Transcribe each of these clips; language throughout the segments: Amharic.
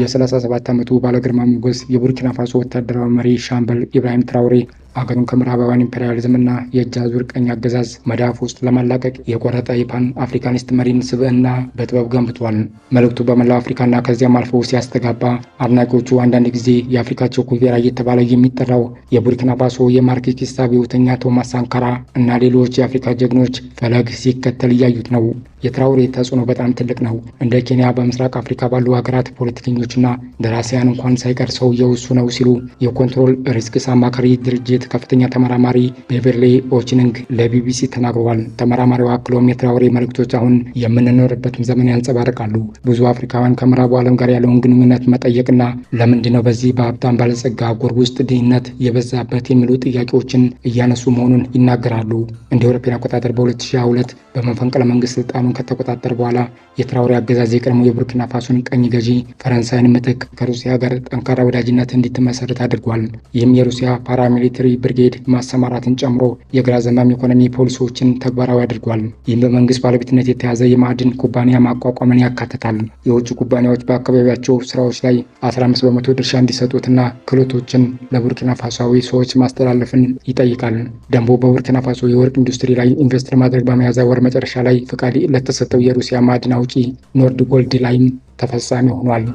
የ37 ዓመቱ ባለግርማ ሞገስ የቡርኪና ፋሶ ወታደራዊ መሪ ሻምበል ኢብራሂም ትራውሬ አገሩን ከምዕራባውያን ኢምፔሪያሊዝምና የእጅ አዙር ቀኝ አገዛዝ መዳፍ ውስጥ ለማላቀቅ የቆረጠ የፓን አፍሪካኒስት መሪን ስብዕና በጥበብ ገንብቷል። መልእክቱ በመላው አፍሪካና ከዚያም አልፎ ሲያስተጋባ አድናቂዎቹ አንዳንድ ጊዜ የአፍሪካ ኩቬራ እየተባለ የሚጠራው የቡርኪና ፋሶ የማርክሲስት አብዮተኛ ቶማስ ሳንካራ እና ሌሎች የአፍሪካ ጀግኖች ፈለግ ሲከተል እያዩት ነው። የትራውሬ ተጽዕኖ በጣም ትልቅ ነው። እንደ ኬንያ በምስራቅ አፍሪካ ባሉ ሀገራት ፖለቲከኞችና ደራሲያን እንኳን ሳይቀር ሰውየው ነው ሲሉ የኮንትሮል ሪስክስ አማካሪ ድርጅት ቤት ከፍተኛ ተመራማሪ ቤቨርሊ ኦችንግ ለቢቢሲ ተናግረዋል። ተመራማሪዋ አክሎም የትራኦሬ መልእክቶች አሁን የምንኖርበትን ዘመን ያንጸባርቃሉ። ብዙ አፍሪካውያን ከምዕራቡ ዓለም ጋር ያለውን ግንኙነት መጠየቅና ለምንድን ነው በዚህ በሀብታም ባለጸጋ አህጉር ውስጥ ድህነት የበዛበት የሚሉ ጥያቄዎችን እያነሱ መሆኑን ይናገራሉ። እንደ አውሮፓውያን አቆጣጠር በ2022 በመፈንቅለ መንግስት ስልጣኑን ከተቆጣጠረ በኋላ የትራውሬ አገዛዝ የቀድሞ የቡርኪና ፋሶን ቀኝ ገዢ ፈረንሳይን ምትክ ከሩሲያ ጋር ጠንካራ ወዳጅነት እንዲትመሰረት አድርጓል። ይህም የሩሲያ ፓራሚሊተሪ ብርጌድ ማሰማራትን ጨምሮ የግራ ዘመም ኢኮኖሚ ፖሊሲዎችን ተግባራዊ አድርጓል። ይህም በመንግስት ባለቤትነት የተያዘ የማዕድን ኩባንያ ማቋቋምን ያካትታል። የውጭ ኩባንያዎች በአካባቢያቸው ስራዎች ላይ 15 በመቶ ድርሻ እንዲሰጡትና ክህሎቶችን ለቡርኪና ፋሶዊ ሰዎች ማስተላለፍን ይጠይቃል። ደንቡ በቡርኪና ፋሶ የወርቅ ኢንዱስትሪ ላይ ኢንቨስት ለማድረግ በመያዝ ወር መጨረሻ ላይ ፍቃድ ለተሰጠው የሩሲያ ማዕድን አውጪ ኖርድ ጎልድ ላይም ተፈጻሚ ሆኗል።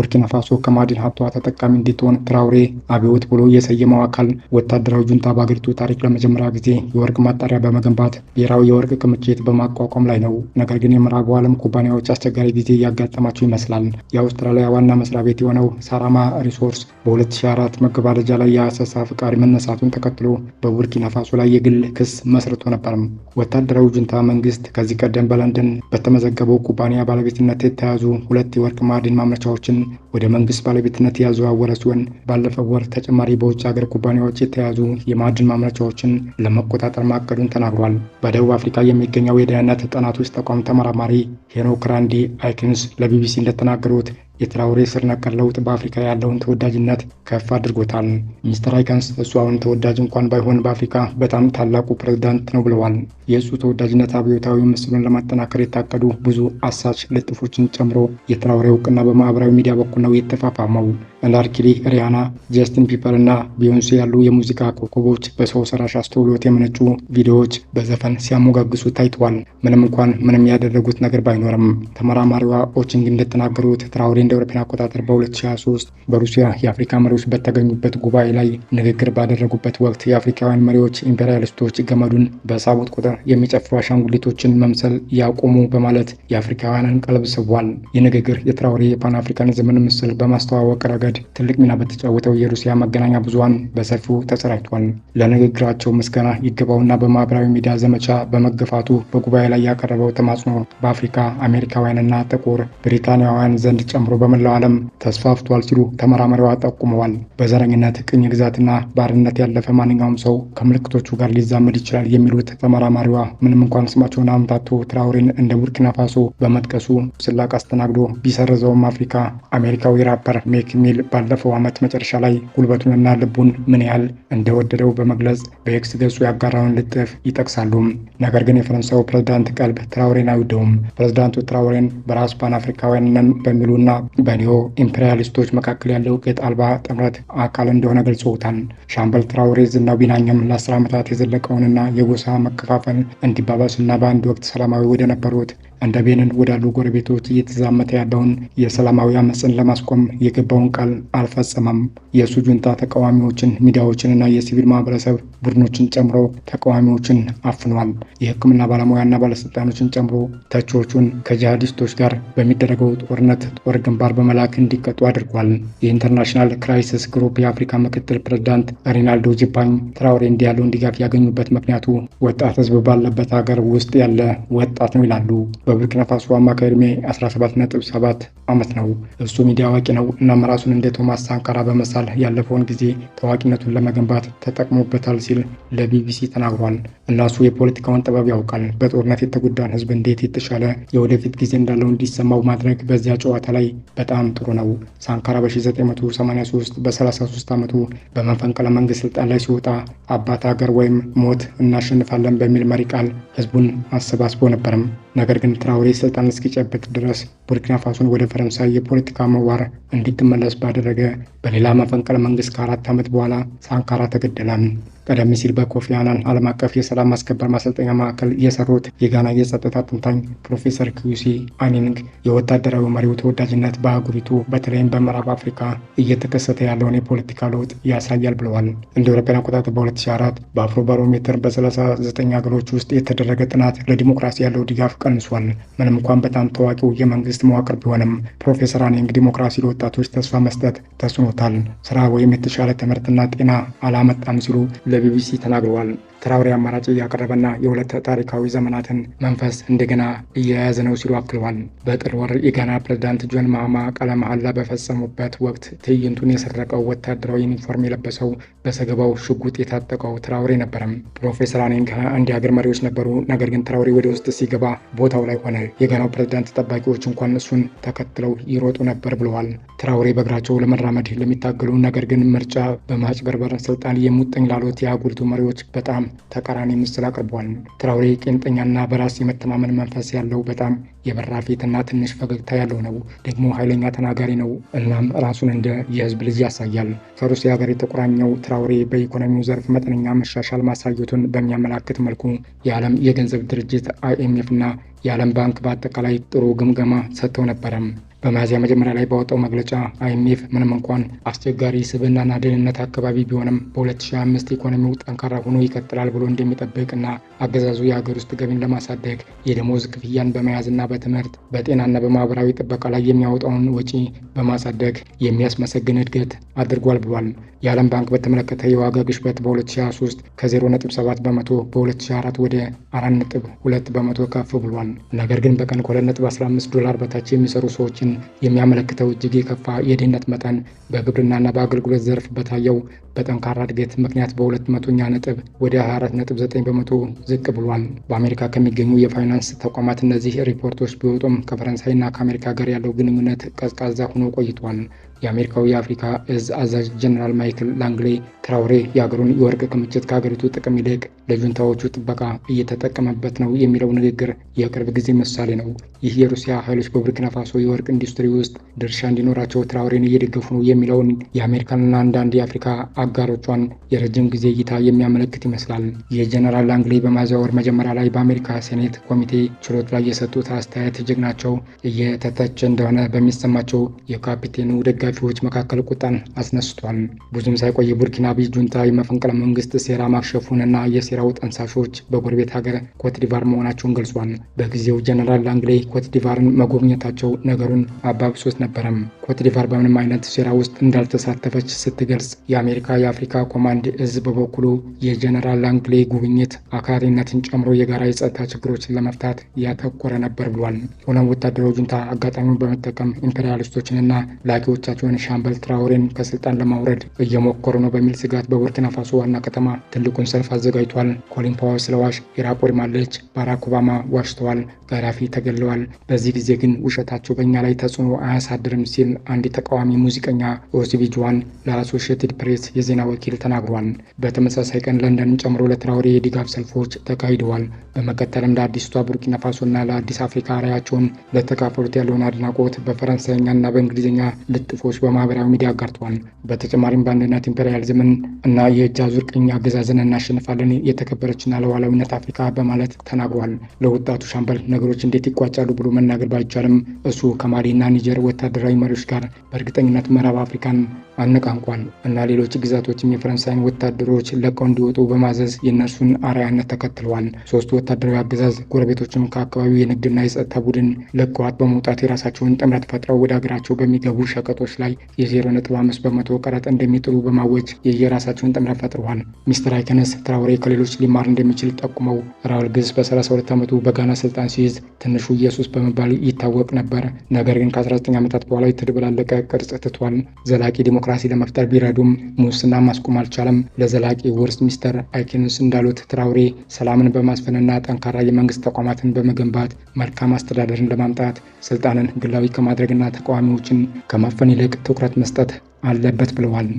ቡርኪና ፋሶ ከማዕድን ሀብቷ ተጠቃሚ እንድትሆን ትራውሬ አብዮት ብሎ የሰየመው አካል ወታደራዊ ጁንታ በአገሪቱ ታሪክ ለመጀመሪያ ጊዜ የወርቅ ማጣሪያ በመገንባት ብሔራዊ የወርቅ ክምችት በማቋቋም ላይ ነው። ነገር ግን የምዕራቡ ዓለም ኩባንያዎች አስቸጋሪ ጊዜ እያጋጠማቸው ይመስላል። የአውስትራሊያ ዋና መስሪያ ቤት የሆነው ሳራማ ሪሶርስ በ2004 መገባደጃ ላይ የአሰሳ ፍቃድ መነሳቱን ተከትሎ በቡርኪና ፋሶ ላይ የግል ክስ መስርቶ ነበር። ወታደራዊ ጁንታ መንግስት ከዚህ ቀደም በለንደን በተመዘገበው ኩባንያ ባለቤትነት የተያዙ ሁለት የወርቅ ማዕድን ማምረቻዎችን ወደ መንግስት ባለቤትነት ያዘዋወረ ሲሆን ባለፈው ወር ተጨማሪ በውጭ ሀገር ኩባንያዎች የተያዙ የማዕድን ማምረቻዎችን ለመቆጣጠር ማቀዱን ተናግሯል። በደቡብ አፍሪካ የሚገኘው የደህንነት ጥናቶች ተቋም ተመራማሪ ሄኖክ ራንዲ አይክንስ ለቢቢሲ እንደተናገሩት የትራውሬ ስር ነቀል ለውጥ በአፍሪካ ያለውን ተወዳጅነት ከፍ አድርጎታል። ሚስተር አይከንስ እሱ አሁን ተወዳጅ እንኳን ባይሆን በአፍሪካ በጣም ታላቁ ፕሬዝዳንት ነው ብለዋል። የእሱ ተወዳጅነት አብዮታዊ ምስሉን ለማጠናከር የታቀዱ ብዙ አሳች ልጥፎችን ጨምሮ የትራውሬ እውቅና በማህበራዊ ሚዲያ በኩል ነው የተፋፋመው። ላርኪሊ፣ ሪያና፣ ጀስቲን ፒፐር እና ቢዮንሴ ያሉ የሙዚቃ ኮከቦች በሰው ሰራሽ አስተውሎት የመነጩ ቪዲዮዎች በዘፈን ሲያሞጋግሱ ታይተዋል። ምንም እንኳን ምንም ያደረጉት ነገር ባይኖርም ተመራማሪዋ ኦችንግ እንደተናገሩት ትራውሬ እንደ አቆጣጠር በ2023 በሩሲያ የአፍሪካ መሪዎች በተገኙበት ጉባኤ ላይ ንግግር ባደረጉበት ወቅት የአፍሪካውያን መሪዎች ኢምፔሪያሊስቶች ገመዱን በሳቡት ቁጥር የሚጨፍሩ አሻንጉሊቶችን መምሰል ያቆሙ በማለት የአፍሪካውያንን ቀልብ ስቧል። ይህ ንግግር የትራውሬ የፓን ዘመን ምስል በማስተዋወቅ ረገድ ረገድ ትልቅ ሚና በተጫወተው የሩሲያ መገናኛ ብዙሃን በሰፊው ተሰራጭቷል። ለንግግራቸው ምስጋና ይገባውና በማህበራዊ ሚዲያ ዘመቻ በመገፋቱ በጉባኤ ላይ ያቀረበው ተማጽኖ በአፍሪካ አሜሪካውያንና ጥቁር ብሪታንያውያን ዘንድ ጨምሮ በመላው ዓለም ተስፋፍቷል ሲሉ ተመራማሪዋ ጠቁመዋል። በዘረኝነት ቅኝ ግዛትና ባርነት ያለፈ ማንኛውም ሰው ከምልክቶቹ ጋር ሊዛመድ ይችላል የሚሉት ተመራማሪዋ ምንም እንኳን ስማቸውን አምታቶ ትራውሬን እንደ ቡርኪና ፋሶ በመጥቀሱ ስላቅ አስተናግዶ ቢሰርዘውም አፍሪካ አሜሪካዊ ራፐር ሜክ ሚል ባለፈው ዓመት መጨረሻ ላይ ጉልበቱንና ልቡን ምን ያህል እንደወደደው በመግለጽ በኤክስ ገጹ ያጋራውን ልጥፍ ይጠቅሳሉ። ነገር ግን የፈረንሳዩ ፕሬዝዳንት ቀልብ ትራውሬን አይወደውም። ፕሬዝዳንቱ ትራውሬን በራሱ ፓን አፍሪካውያንን በሚሉና በኒዮ ኢምፔሪያሊስቶች መካከል ያለው ቅጥ አልባ ጥምረት አካል እንደሆነ ገልጸውታል። ሻምበል ትራውሬ ዝናው ቢናኛም ለአስር ዓመታት የዘለቀውንና የጎሳ መከፋፈል እንዲባባሱና በአንድ ወቅት ሰላማዊ ወደ ነበሩት እንደ ቤንን ወዳሉ ጎረቤቶች እየተዛመተ ያለውን የሰላማዊ አመፅን ለማስቆም የገባውን ቃል አልፈጸመም። የሱ ጁንታ ተቃዋሚዎችን፣ ሚዲያዎችንና የሲቪል ማህበረሰብ ቡድኖችን ጨምሮ ተቃዋሚዎችን አፍኗል። የህክምና ባለሙያና ባለስልጣኖችን ጨምሮ ተቺዎቹን ከጂሃዲስቶች ጋር በሚደረገው ጦርነት ጦር ግንባር በመላክ እንዲቀጡ አድርጓል። የኢንተርናሽናል ክራይሲስ ግሩፕ የአፍሪካ ምክትል ፕሬዝዳንት ሪናልዶ ጂፓኝ ትራውሬ እንዲህ ያለውን ድጋፍ ያገኙበት ምክንያቱ ወጣት ህዝብ ባለበት ሀገር ውስጥ ያለ ወጣት ነው ይላሉ። በቡርኪና ፋሶ አማካይ እድሜ 17.7 ዓመት ነው። እሱ ሚዲያ አዋቂ ነው። እናም ራሱን እንደ ቶማስ ሳንካራ በመሳል ያለፈውን ጊዜ ታዋቂነቱን ለመገንባት ተጠቅሞበታል ሲል ለቢቢሲ ተናግሯል። እናሱ የፖለቲካውን ጥበብ ያውቃል። በጦርነት የተጎዳን ህዝብ እንዴት የተሻለ የወደፊት ጊዜ እንዳለው እንዲሰማው ማድረግ በዚያ ጨዋታ ላይ በጣም ጥሩ ነው። ሳንካራ በ1983 በ33 ዓመቱ በመፈንቅለ መንግስት ስልጣን ላይ ሲወጣ አባት ሀገር ወይም ሞት እናሸንፋለን በሚል መሪ ቃል ህዝቡን አሰባስቦ ነበርም። ነገር ግን ትራውሬ ስልጣን እስኪጨበጥ ድረስ ቡርኪና ፋሶን ወደ ፈረንሳይ የፖለቲካ መዋር እንዲትመለስ ባደረገ በሌላ መፈንቅለ መንግስት ከአራት ዓመት በኋላ ሳንካራ ተገደላም። ቀደም ሲል በኮፊ አናን ዓለም አቀፍ የሰላም ማስከበር ማሰልጠኛ ማዕከል የሰሩት የጋና የጸጥታ ተንታኝ ፕሮፌሰር ኪዩሲ አኒንግ የወታደራዊ መሪው ተወዳጅነት በአህጉሪቱ በተለይም በምዕራብ አፍሪካ እየተከሰተ ያለውን የፖለቲካ ለውጥ ያሳያል ብለዋል። እንደ አውሮፓውያን አቆጣጠር በ2004 በአፍሮ ባሮሜትር በ39 ሀገሮች ውስጥ የተደረገ ጥናት ለዲሞክራሲ ያለው ድጋፍ ቀንሷል፣ ምንም እንኳን በጣም ታዋቂው የመንግስት መዋቅር ቢሆንም። ፕሮፌሰር አኒንግ ዲሞክራሲ ለወጣቶች ተስፋ መስጠት ተስኖታል፣ ስራ ወይም የተሻለ ትምህርትና ጤና አላመጣም ሲሉ ለቢቢሲ ተናግረዋል። ትራውሬ አማራጭ እያቀረበና የሁለት ታሪካዊ ዘመናትን መንፈስ እንደገና እየያዘ ነው ሲሉ አክለዋል። በጥር ወር የጋና ፕሬዝዳንት ጆን ማሃማ ቃለ መሐላ በፈጸሙበት ወቅት ትዕይንቱን የሰረቀው ወታደራዊ ዩኒፎርም የለበሰው በሰገባው ሽጉጥ የታጠቀው ትራውሬ ነበረም። ፕሮፌሰር አኔንካ አንድ የሀገር መሪዎች ነበሩ። ነገር ግን ትራውሬ ወደ ውስጥ ሲገባ ቦታው ላይ ሆነ። የጋናው ፕሬዝዳንት ጠባቂዎች እንኳን እሱን ተከትለው ይሮጡ ነበር ብለዋል። ትራውሬ በእግራቸው ለመራመድ ለሚታገሉ ነገር ግን ምርጫ በማጭበርበር ስልጣን የሙጥኝ ላሉት የአህጉሪቱ መሪዎች በጣም ተቃራኒ ምስል አቅርቧል። ትራውሬ ቄንጠኛና በራስ የመተማመን መንፈስ ያለው በጣም የበራ ፊትና ትንሽ ፈገግታ ያለው ነው። ደግሞ ኃይለኛ ተናጋሪ ነው። እናም ራሱን እንደ የህዝብ ልጅ ያሳያል። ከሩሲያ ጋር የተቆራኘው ትራውሬ በኢኮኖሚው ዘርፍ መጠነኛ መሻሻል ማሳየቱን በሚያመላክት መልኩ የዓለም የገንዘብ ድርጅት አይኤምኤፍ እና የዓለም ባንክ በአጠቃላይ ጥሩ ግምገማ ሰጥተው ነበረም። በሚያዝያ መጀመሪያ ላይ ባወጣው መግለጫ አይኤምኤፍ ምንም እንኳን አስቸጋሪ ስብዕናና ደህንነት አካባቢ ቢሆንም በ2025 ኢኮኖሚው ጠንካራ ሆኖ ይቀጥላል ብሎ እንደሚጠብቅና አገዛዙ የሀገር ውስጥ ገቢን ለማሳደግ የደሞዝ ክፍያን በመያዝና በትምህርት በጤናና በማህበራዊ ጥበቃ ላይ የሚያወጣውን ወጪ በማሳደግ የሚያስመሰግን እድገት አድርጓል ብሏል። የዓለም ባንክ በተመለከተ የዋጋ ግሽበት በ2023 ከ0.7 በመቶ በ2024 ወደ 4.2 በመቶ ከፍ ብሏል። ነገር ግን በቀን ከ2.15 ዶላር በታች የሚሰሩ ሰዎችን የሚያመለክተው እጅግ የከፋ የድህነት መጠን በግብርናና በአገልግሎት ዘርፍ በታየው በጠንካራ እድገት ምክንያት በ2 ነጥብ ወደ 24.9 በመቶ ዝቅ ብሏል። በአሜሪካ ከሚገኙ የፋይናንስ ተቋማት እነዚህ ሪፖርቶች ቢወጡም ከፈረንሳይና ከአሜሪካ ጋር ያለው ግንኙነት ቀዝቃዛ ሆኖ ቆይቷል። የአሜሪካው የአፍሪካ እዝ አዛዥ ጀኔራል ማይክል ላንግሌ ትራውሬ የአገሩን የወርቅ ክምችት ከሀገሪቱ ጥቅም ይልቅ ለጁንታዎቹ ጥበቃ እየተጠቀመበት ነው የሚለው ንግግር የቅርብ ጊዜ ምሳሌ ነው። ይህ የሩሲያ ኃይሎች በቡርኪና ፋሶ የወርቅ ኢንዱስትሪ ውስጥ ድርሻ እንዲኖራቸው ትራውሬን እየደገፉ ነው የሚለውን የአሜሪካንና አንዳንድ የአፍሪካ አጋሮቿን የረጅም ጊዜ እይታ የሚያመለክት ይመስላል። የጀኔራል ላንግሌ በሚያዝያ ወር መጀመሪያ ላይ በአሜሪካ ሴኔት ኮሚቴ ችሎት ላይ የሰጡት አስተያየት ጀግናቸው እየተተቸ እንደሆነ በሚሰማቸው የካፒቴኑ ደጋ ደጋፊዎች መካከል ቁጣን አስነስቷል። ብዙም ሳይቆይ ቡርኪናቢ ጁንታ የመፈንቅለ መንግስት ሴራ ማክሸፉንና የሴራው ጠንሳሾች በጎረቤት ሀገር ኮትዲቫር መሆናቸውን ገልጿል። በጊዜው ጀነራል ላንግሌ ኮትዲቫርን መጎብኘታቸው ነገሩን አባብሶት ነበረም። ኮትዲቫር በምንም አይነት ሴራ ውስጥ እንዳልተሳተፈች ስትገልጽ፣ የአሜሪካ የአፍሪካ ኮማንድ እዝ በበኩሉ የጀነራል ላንግሌ ጉብኝት አክራሪነትን ጨምሮ የጋራ የጸጥታ ችግሮችን ለመፍታት ያተኮረ ነበር ብሏል። ሆኖም ወታደራዊ ጁንታ አጋጣሚውን በመጠቀም ኢምፔሪያሊስቶችንና ላኪዎቻቸውን ሻምበል ትራውሬን ከስልጣን ለማውረድ እየሞከሩ ነው በሚል ስጋት በቡርኪና ፋሶ ዋና ከተማ ትልቁን ሰልፍ አዘጋጅቷል። ኮሊን ፓወር ስለዋሽ ኢራቅ ወድማለች፣ ባራክ ኦባማ ዋሽተዋል፣ ጋዳፊ ተገለዋል፣ በዚህ ጊዜ ግን ውሸታቸው በእኛ ላይ ተጽዕኖ አያሳድርም ሲል አንድ ተቃዋሚ ሙዚቀኛ ጁዋን ለአሶሽትድ ፕሬስ የዜና ወኪል ተናግሯል። በተመሳሳይ ቀን ለንደንን ጨምሮ ለትራውሬ የድጋፍ ሰልፎች ተካሂደዋል። በመቀጠልም ለአዲስቷ ቡርኪና ፋሶና ለአዲስ አፍሪካ ራያቸውን ለተካፈሉት ያለውን አድናቆት በፈረንሳይኛና በእንግሊዝኛ ልጥፎች በማህበራዊ ሚዲያ አጋርተዋል። በተጨማሪም በአንድነት ኢምፔሪያሊዝምን እና የእጅ አዙር ቅኝ አገዛዝን እናሸንፋለን የተከበረችና ለዋላዊነት አፍሪካ በማለት ተናግሯል። ለወጣቱ ሻምበል ነገሮች እንዴት ይቋጫሉ ብሎ መናገር ባይቻልም እሱ ከማሊና ኒጀር ወታደራዊ መሪዎች Madagascar. kita ingat Merab Afrikan አነቃንቋል እና ሌሎች ግዛቶችም የፈረንሳይን ወታደሮች ለቀው እንዲወጡ በማዘዝ የእነርሱን አርአያነት ተከትለዋል። ሶስቱ ወታደራዊ አገዛዝ ጎረቤቶችም ከአካባቢው የንግድና የጸጥታ ቡድን ለቀዋት በመውጣት የራሳቸውን ጥምረት ፈጥረው ወደ ሀገራቸው በሚገቡ ሸቀጦች ላይ የ አምስት በመቶ ቀረጥ እንደሚጥሉ በማወጅ የየራሳቸውን ጥምረት ፈጥረዋል። ሚስትር አይከነስ ትራውሬ ከሌሎች ሊማር እንደሚችል ጠቁመው ራውል ግዝ በ32 ዓመቱ በጋና ስልጣን ሲይዝ ትንሹ ኢየሱስ በመባል ይታወቅ ነበር። ነገር ግን ከ19 ዓመታት በኋላ የተደበላለቀ ቅርጽ ትቷል። ዘላቂ ዲሞክራ ዲሞክራሲ ለመፍጠር ቢረዱም ሙስና ማስቆም አልቻለም። ለዘላቂ ውርስ ሚስተር አይኬንስ እንዳሉት ትራውሬ ሰላምን በማስፈንና ጠንካራ የመንግስት ተቋማትን በመገንባት መልካም አስተዳደርን ለማምጣት ስልጣንን ግላዊ ከማድረግና ተቃዋሚዎችን ከማፈን ይልቅ ትኩረት መስጠት አለበት ብለዋል።